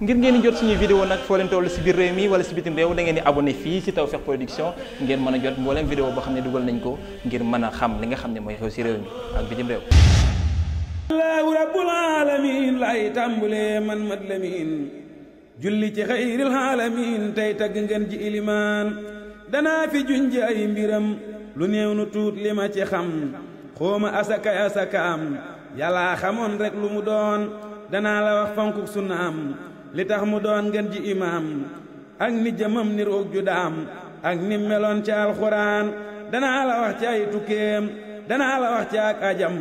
ngir ngeen di jot suñuy vidéo nag foo leen si biir réew mi wala si bitim réew da ngeen di abonné fii si Tawfekh Production ngeen mën a jot mbooleem vidéo boo xam ne dugal nañ ko ngir mën a xam li nga xam ne mooy xew si réew mi ak bitim réew allahu rabbul tàmbulee man mat lamin julli ci xayril alamin tey tagg ngeen ji ilimaan danaa fi juñ ji ay mbiram lu néew nu tuut li ma ci xam xooma asakay asaka am yàllaa xamoon rek lu mu doon danaa la wax fonku li tax mu doon ngën ji imaam ak ni jëmam ni roog ju daam ak ni meloon ci alxuraan danaal la wax ci ay tukkeem danaa la wax ci ak ajam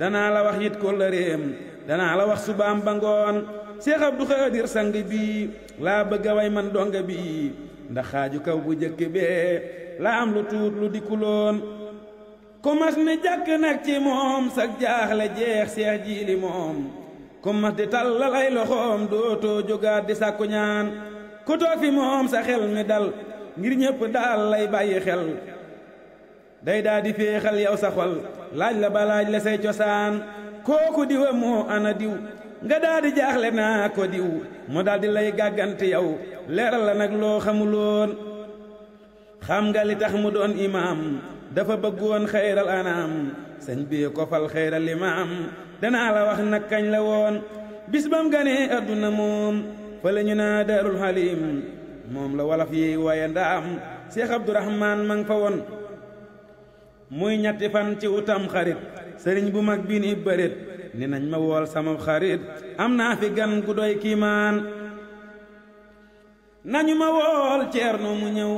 danaa la wax yit kóllëreem danaa la wax subaam ba ngoon Seex Abdu Xaadir sang bii laa bëgg a way man donga bii ndax xaaju kaw bu jëkk bee la am lu tuut lu dikkuloon ku mas ne jàkk nag ci moom sag jaaxle jeex seex jiili moom ku mas di tàllal ay loxoom dootoo jógaat di sàkku ñaan ku toog fi moom sa xel mi dal ngir ñépp daal lay bàyyi xel day daa di féexal yow sa xol laaj la balaaj la say cosaan kooku diwa moo ana diw nga daa di jaaxle naa ko diw mu daal di lay gàggante yow leeral la nag loo xamuloon xam nga li tax mu doon imaam dafa bëggoon xayral anaam sëñ bi ko fal xayral limaam danaa la wax nag kañ la woon bis bam ganee adduna moom fële ñu naa daarul xalim moom la walaf yi waaye ndaam seex abdurahmaan ma nga fa woon muy ñetti fan ci utam xarit sëriñ bu mag bii ni bërit ni nañ ma wool sama xarit am naa fi gan gu doy kiimaan nañu ma wool ceerno mu ñëw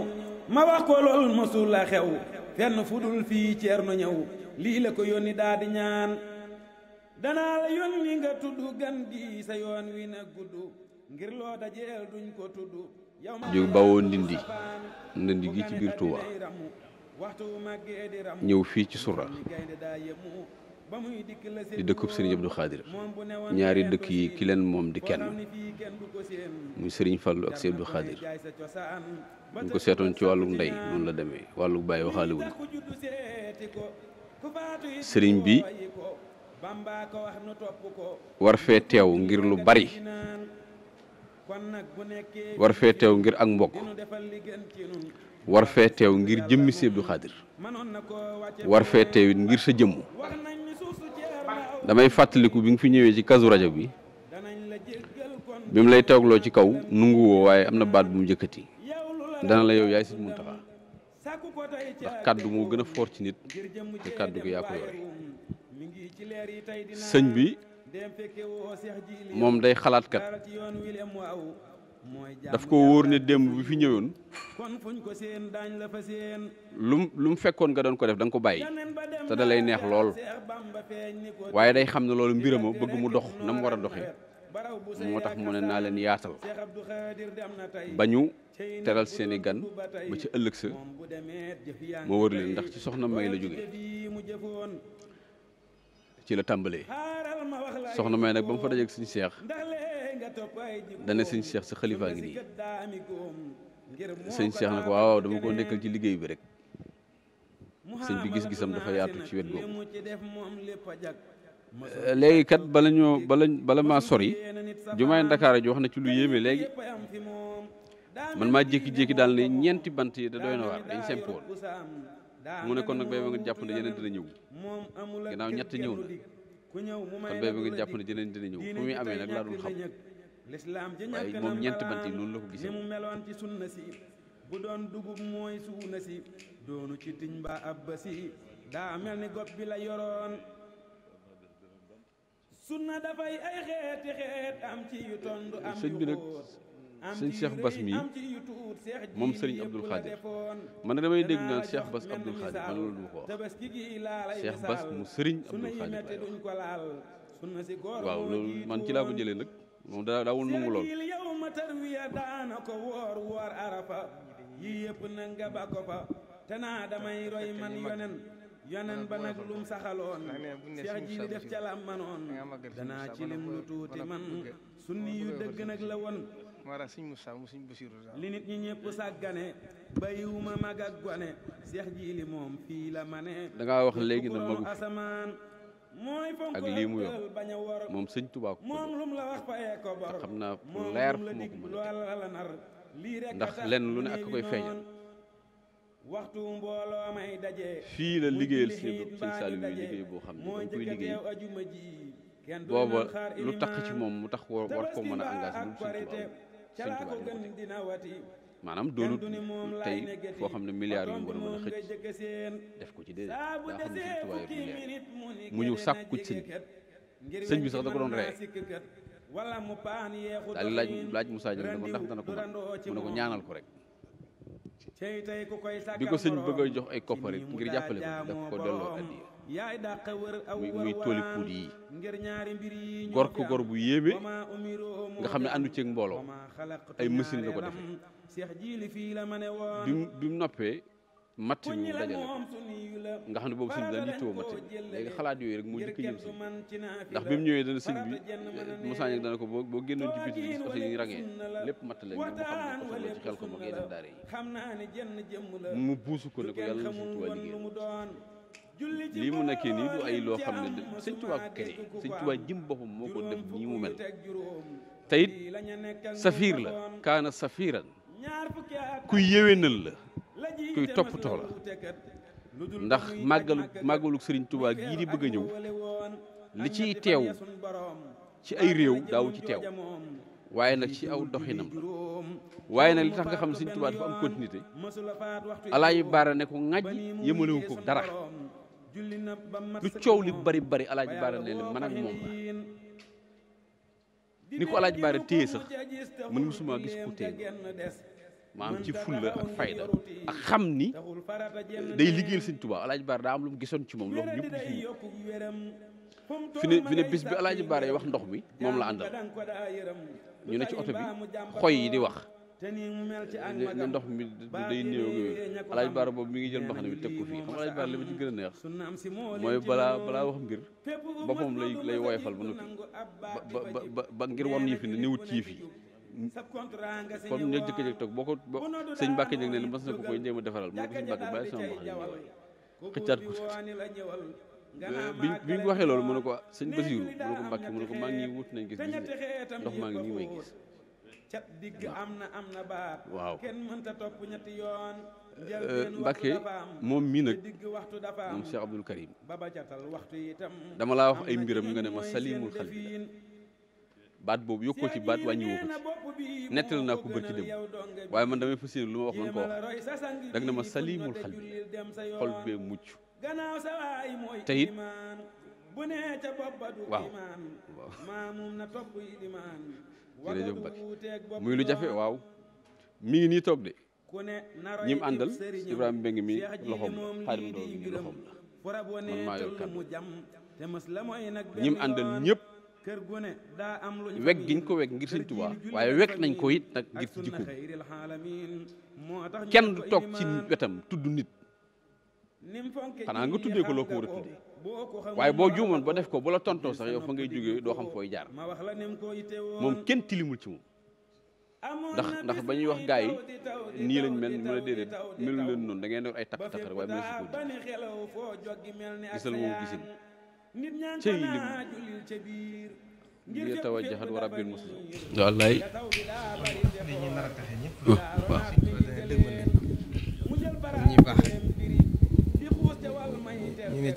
ma wax ko lool mosul la xew fenn fu dul fii ceerno ñëw lii la ko yónni daa di ñaan danaa la yónni nga tudd gan gi sa yoon wi na gudd ngir loo dajeel duñ ko tudd jóg bawoo ndindi ndindi gi ci biir Touba ñëw fii ci Soura di dëkkub sëriñ Abdou Khadir ñaari dëkk yi ki leen moom di kenn muy sëriñ Fallou ak sëriñ Abdou Khadir ñu ko seetoon ci wàllu ndey noonu la demee wàllu bàyyi waxaale wuñ bi war fee teew ngir lu bari war fee teew ngir ak mbokk war fee teew ngir jëmmi sëriñ Abdou Khadir war fee teew ngir sa jëmm damay fàttaliku bi nga fi ñëwee ci kasu rajo bi bi mu lay toogloo ci kaw nunguwoo waaye am na baat bu mu njëkkati dana la yow yaay Sëñ Muntaxa ndax kàddu moo gën a foor ci nit te kàddu ko yaa ko yore sëñ bi moom day xalaatkat daf ko wóor ne démb bi fi ñëwoon lum lu mu fekkoon nga doon ko def da nga ko bàyyi te da lay neex lool waaye day xam ne loolu mbirama bëgg mu dox na mu war a doxee moo tax mu ne naa leen yaatal ba ñu teral seeni gan ba ci ëllëg sa ma wër leen ndax ci soxna may la jóge ci la tàmbalee soxna may nag ba mu fa dajeeg suñu seex dana sëñ seex sa xalifaa ngi nii sëñ Cheikh na ko waaw dama ko nekkal ci liggéey bi rek sëñ bi gis-gisam dafa yaatu ci wet googu léegi kat bala ñoo bala bala maa sori jumaay Ndakaar ji wax na ci lu yéeme léegi man maa jékki-jékki daal ne ñeenti bant yi da doy na waar dañ semp mu ne kon nag bay ba nga jàpp ne yeneen dina ñëw ginnaaw ñett ñëw na kon bee bëgg jàpp ne dinañ dina ñëw fu muy amee nag laa dul xam waaye moom ñeenti bant yi noonu la ko gisee bu doon dugub mooy suuna si doonu ci tiñ ba abba si daa mel ni gopp bi la yoroon sunna dafay ay xeeti xeet am ci yu tondu am yu xóor sëñ Cheikh Bass mii moom sëriñ Abdul Xaadir man damay dégg naan Cheikh Bass Abdul Xaadir man loolu du ma ko wax Cheikh Bass mu sëriñ Abdul Xaadir waaw man ci laa ko jëlee nag moom daa daawul nangu lool. te naa damay roy man ba nag lum saxaloon Cheikh ji li def ca la manoon danaa ci lim lu tuuti man sunni yu dëgg nag la woon moo tax sëñ Moussa mu sëñ Basiru li nit ñi ñëpp sàggane bayiwuma mag ak gone seex ji li moom fii la mane danga wax léegi na magu asamaan mooy fonk ak lii mu yor moom sëñ Tuubaa ko moom la wax fayee ko bor xam naa leer fu ma ko lii ndax lenn lu ne ak koy feeñal waxtu mbooloo may daje fii la liggéeyal sëñ Saliou yu liggéey boo xam ne dañ koy liggéey booba lu tax ci moom mu tax war ko mën a engagé moom sëñ Tuubaa sëñ Tuubaa di ko teg maanaam doonut tey foo xam ne milliards yu mu war a mën a xëcc def ko ci déedéet daa xam ne sëñ Tuubaa yor milliards mu ñëw sàkku ci sëñ bi sëñ bi sax da ko doon ree daal di laaj laaj Moussa Diagne ne ko ndax dana ko mën mu ne ko ñaanal ko rek bi ko sëñ bëgg a jox ay koppar it ngir jàppale muy muy tooli puud yi gor ko gor bu yéeme nga xam ne àndu ceeg mbooloo ay machine la ko defee bi mu bi mu noppee matt bi mu dajale ko nga xam ne boobu sëñ bi daan yittewoo matt bi léegi xalaat yooyu rek moo njëkk a jëm sëñ ndax bi mu ñëwee dana sëñ bi Moussa Niass dana ko boo boo génnoon ci biti gis oto yi rangee lépp matt la ñu mu xam ne oto la ci xel ko moog yeneen daara yi mu buusu ko ne ko yàlla na suñu tubaab liggéey lii mu nekkee nii du ay loo xam ne sëñ Tuubaa ko créé sëñ Tuubaa jëm boppam moo ko def nii mu mel te it safiir la kaana safiiran kuy yéwénal la kuy toppatoo la ndax màggalu màggalu sëriñ tubaak gii di bëgg a ñëw li ciy teew ci ay réew daaw ci teew waaye nag ci aw doxinam la waaye nag li tax nga xam ne sëriñ dafa am continuité alaaji baara ne ko ŋàjj yëmalewu ko dara lu coow li bari bari alaaji baara ne leen man ak moom la ni ko alaaji baara téye sax man musuma gis ku téye maa am ci fulla ak fayda ak xam ni day liggéeyal sëñ Tuubaa alaaji baara daa am lu mu gisoon ci moom loolu ñëpp gis fi ne fi ne bis bi alaaj baara yi wax ndox mi moom la àndal ñu ne ci oto bi xoy yi di wax ni ndox mi day néew yooyu alaaj baara boobu mi ngi jël mbaxana mi teg ko fii xam alaaj baara li ma ci gën a neex mooy balaa balaa wax mbir boppam lay lay woyfal ba noppi ba ba ba ngir won yi fi ne néewut ci fi comme ña jëkk jëkk toog boo ko boo sëñ Mbàkke jëkk ne mas na ko koy njéem a defaral moo ko sëñ Mbàkke bàyyi sama mbaxana mi way xëccaat ko bi bi ñu waxee loolu mu ne ko sëñ Basiiru mu ne ko Mbàkke mu ne ko maa ngi wut nañ gis gis ne ndox maa ngi cat digg am na am na baat. waaw kenn mënta topp ñetti yoon. Euh, Mbacke moom mii nag moom Cheikh Abdoul Karim dama laa wax ay mbiram nga ne ma salimul xalbi baat boobu yokkoo ci baat wàññiwoo ko ci nettal naa ko bërki dem waaye man damay fas yéene lu ma wax man ko wax dag na ma salimul xalbi xol bee mucc te it waaw waaw. jërëjëf Mbacke muy lu jafe waaw mi ngi nii toog de ñi mu àndal Ibrahima Mbengue mi loxoom la xaadim Ndoo mi loxoom la man maa yor kàddu ñi mu àndal ñëpp weg giñ ko weg ngir sëñ Tuubaa waaye weg nañ ko it nag ngir jikko kenn toog ci wetam tudd nit xanaa nga tuddee ko loo ko waaye boo juumoon ba def ko bu la tontoo sax yow fa ngay jógee doo xam fooy jaar moom kenn tilimul ci moom ndax ndax ba ñuy wax gaa yi nii lañ mel mën a déedéet melu leen noonu da ngeen def ay takk takk rek waaye mën na si gisal moom gisin cey lim yatawajahat wa rabbil muslim wallaay dañuy nar a taxe ñëpp oh, waaw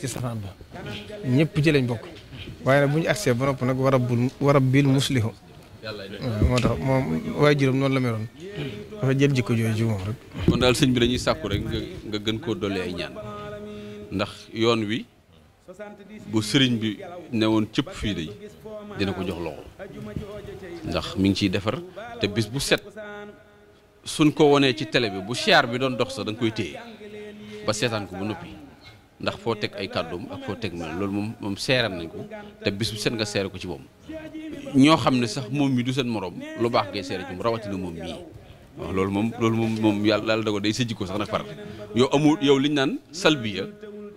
ci safaan ba ñëpp ci lañ bokk waaye bu ñu agsee ba nopp nag war a bul war a bil moo tax moom waaye juróom noonu la meroon dafa jël jikko jooju ci rek. kon daal sëñ bi dañuy sàkku rek nga gën koo dolli ay ñaan ndax yoon wi bu sëriñ bi ne woon cëpp fii de dina ko jox loxo ndax mi ngi ciy defar te bis bu set suñ ko wonee ci télé bi bu siyaar bi doon dox sax da koy téye ba seetaan ko ba noppi. ndax foo teg ay kàddoom ak foo teg mel loolu moom moom seeral nañ ko te bis bu set nga seere ko ci moom ñoo xam ne sax moom mi du seen moroom lu baax ngay seere ci rawatina moom mii loolu moom loolu moom yàlla yàlla da ko day sa sax nag far yow amul yow liñ naan salbiya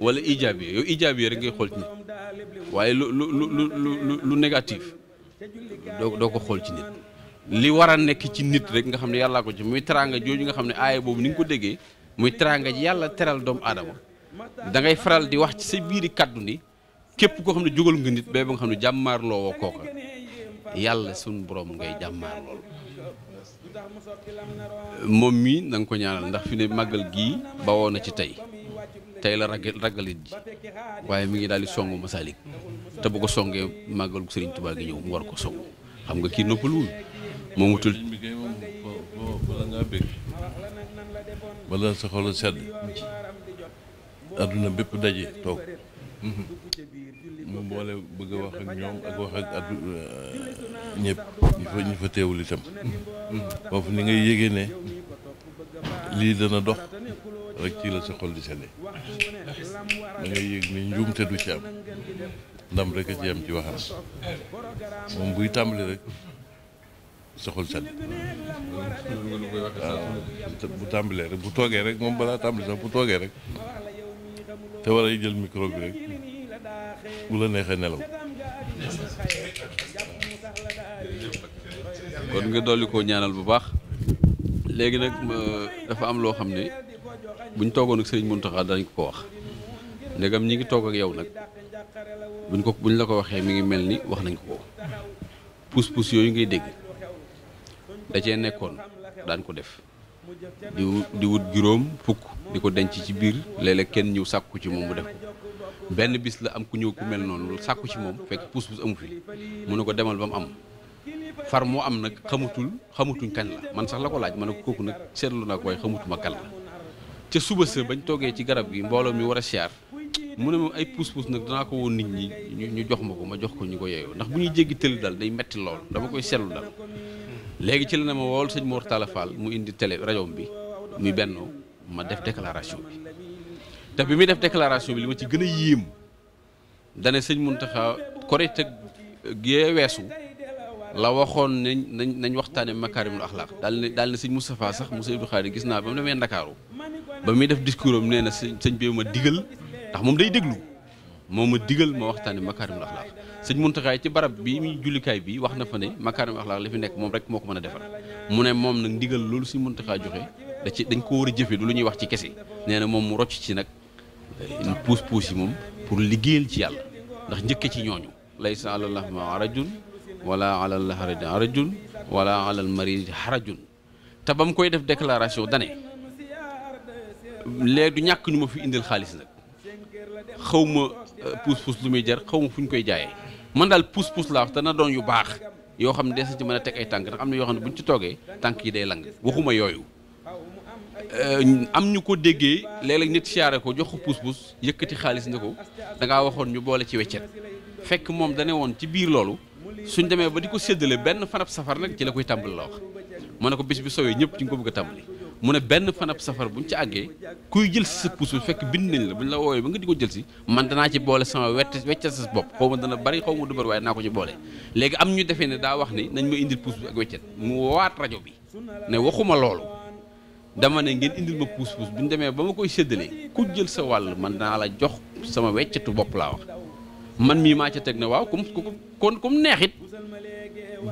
wala ijaabiya yow ijaabiya rek ngay xool ci waaye lu lu lu lu lu négatif doo doo ko xool ci nit li war nekk ci nit rek nga xam ne yàllaa ko ci muy teraanga jooju nga xam ne aaya boobu ni nga ko déggee muy teraanga ji yàlla teral doomu aadama dangay faral di wax ci sa biiri kàddu ni képp koo xam ne jógal nga nit ba ba xam ne jàmmaarloo woo kooka borom ngay jàmmaar lool moom mii na ko ñaanal ndax fi ne màggal gii bawoo na ci tey tey la ragal ragalit ji waaye mu ngi daal di songu Masalik te bu ko songee màggal gu Serigne Touba gi ñëw mu war ko songu xam nga kii noppaluwul moom wutul bala ngaa bég bala sa sedd àdduna bépp daje toog mu boole bëgg a wax ak ñoom ak wax ak addu euh, ñëpp ñu fa ñu fa teewul itam foofu ni ngay yégee ne lii dana dox rek ci la sa xol di sedde da ngay yég ni njuumte du ci am ndam rek a ci am ci waxam moom buy tàmbali rek soxol sedd waaw bu tàmbalee rek bu toogee rek moom balaa tàmbali sax bu toogee rek te war jël micro bi rek bu la neexee nelaw kon nga dolli koo ñaanal bu baax léegi nag dafa am loo xam ne buñ toogoon ak sëriñ Mountakha danañ ko ko wax ndegam ñi ngi toog ak yow nag buñ ko buñ la ko waxee mi ngi mel ni wax nañ ko ko pousse pousse yooyu ngay dégg da cee nekkoon daan ko def di di wut juróom fukk di ko denc ci biir léeg kenn ñëw sàkku ci moom mu def ko benn bis la am ku ñëw ku mel noonu sàkku ci moom fekk puus-puus amu fi mu ne ko demal ba mu am far moo am nag xamatul xamatuñ kañ la man sax la ko laaj ma ne ko kooku nag seetlu naa koy waaye xamatuma kañ la ca suba sa bañ toogee ci garab gi mbooloo mi war a siyaar mu ne moom ay puus-puus nag danaa ko woon nit ñi ñu jox ma ko ma jox ko ñu ko yeeyoo ndax bu ñuy jéggi tëli dal day metti lool dama koy seetlu dal léegi ci la ma wool sëñ Mor Talla mu indi télé rajo bi muy bennoo ma def déclaration bi te bi muy def déclaration bi li ma ci gën a yéem dane sëñ Muntaxa Korite gee weesu la waxoon ne nañ nañ waxtaane makaarimul axlaaq daal ne daal ne sëñ Moustapha sax Moussa Abdou Khadre gis naa ba mu demee Ndakaaru def discours nee na sëñ sëñ bi ma digal ndax moom day déglu moom ma digal ma waxtaane makaarimul axlaaq sëñ Muntaxa ci barab bi muy jullikaay bi wax na fa ne makaarimul axlaaq li fi nekk moom rek moo ko mën a defar mu ne moom nag ndigal loolu sëñ Muntaxa joxe da ci dañ ko war a jëfe lu ñuy wax ci kese nee na moom mu rocc ci nag puus puus yi moom pour liggéeyal ci yàlla ndax njëkke ci ñooñu laysa alallah ma arajun wala alallah arajun wala alal mari harajun te ba mu koy def déclaration dane léegi du ñàkk ñu ma fi indil xaalis nag xaw ma euh, puus puus lu muy jar xaw ma fu ñu koy jaaye man daal puus puus laa wax te na doon yu baax yoo xam ne des na ci mën a teg ay tànk ndax am na yoo xam ne bu ñu ci toogee tànk yi day lang waxuma yooyu Euh, am ñu ko déggee léeg-léeg nit siyaare ko jox ko puus-puus yëkkati xaalis ne ko da waxoon ñu boole ci weccet fekk moom dana woon ci biir loolu suñ demee ba di ko séddale benn fanab safar nag ci la koy tàmbali la wax mu ne ko bis bi sowee ñëpp ci nga ko bëgg a mu ne benn fanab safar buñ ci àggee kuy jël si sa fekk bind nañ la buñ la woowee ba nga di ko jël si man danaa ci boole sama wette weccet sa bopp xaw ma dana bari xaw ma du waaye naa ko ci boole léegi am ñu defee ne daa wax ni nañ ma indil puus bi ak weccet mu waat rajo bi ne waxuma loolu dama ne ngeen indil ma puus-puus bu ñu demee ba ma koy séddalee ku jël sa wàll man naa la jox sama weccatu bopp laa wax man mii maa ca teg ne waaw comme kon comme neexit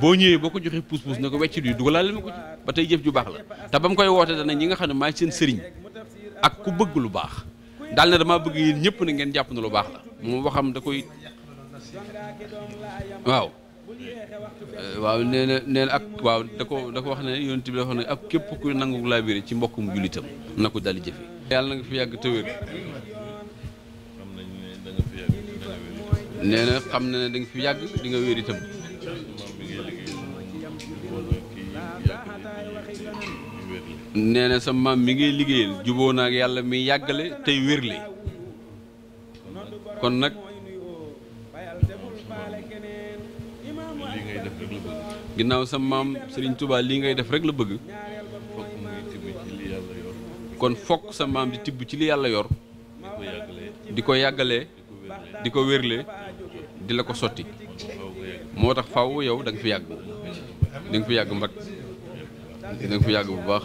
boo ñëwee boo ko joxee puus-puus na ko wecc du dugalaale ma ko ba tey jëf ju baax la te ba mu koy woote dana ñi nga xam ne maa seen sëriñ ak ku bëgg lu baax daal ne damaa bëgg yéen ñëpp na ngeen jàpp na lu baax la moom waxam da koy waaw Euh, waaw nee na nee na ak waaw da ko da ko wax ne yoon yonent bi dafa ne ak képp kuy nangu laabire ci mbokkum jullitam na ko dal di jëfe yàlla na yàgg te wér nee na xam na ne da fi yàgg di nga wér itam nee sa maam mi ngay liggéeyal juboo naag yàlla mi yàggale tey wérle kon nag ginnaaw sa maam Serigne Touba lii ngay def rek la bëgg kon fokk sa maam di tibb ci li yàlla yor di ko yàggalee di ko wérlee di la ko sotti moo tax faw yow da nga fi yàgg da nga yàgg mbag fi yàgg bu baax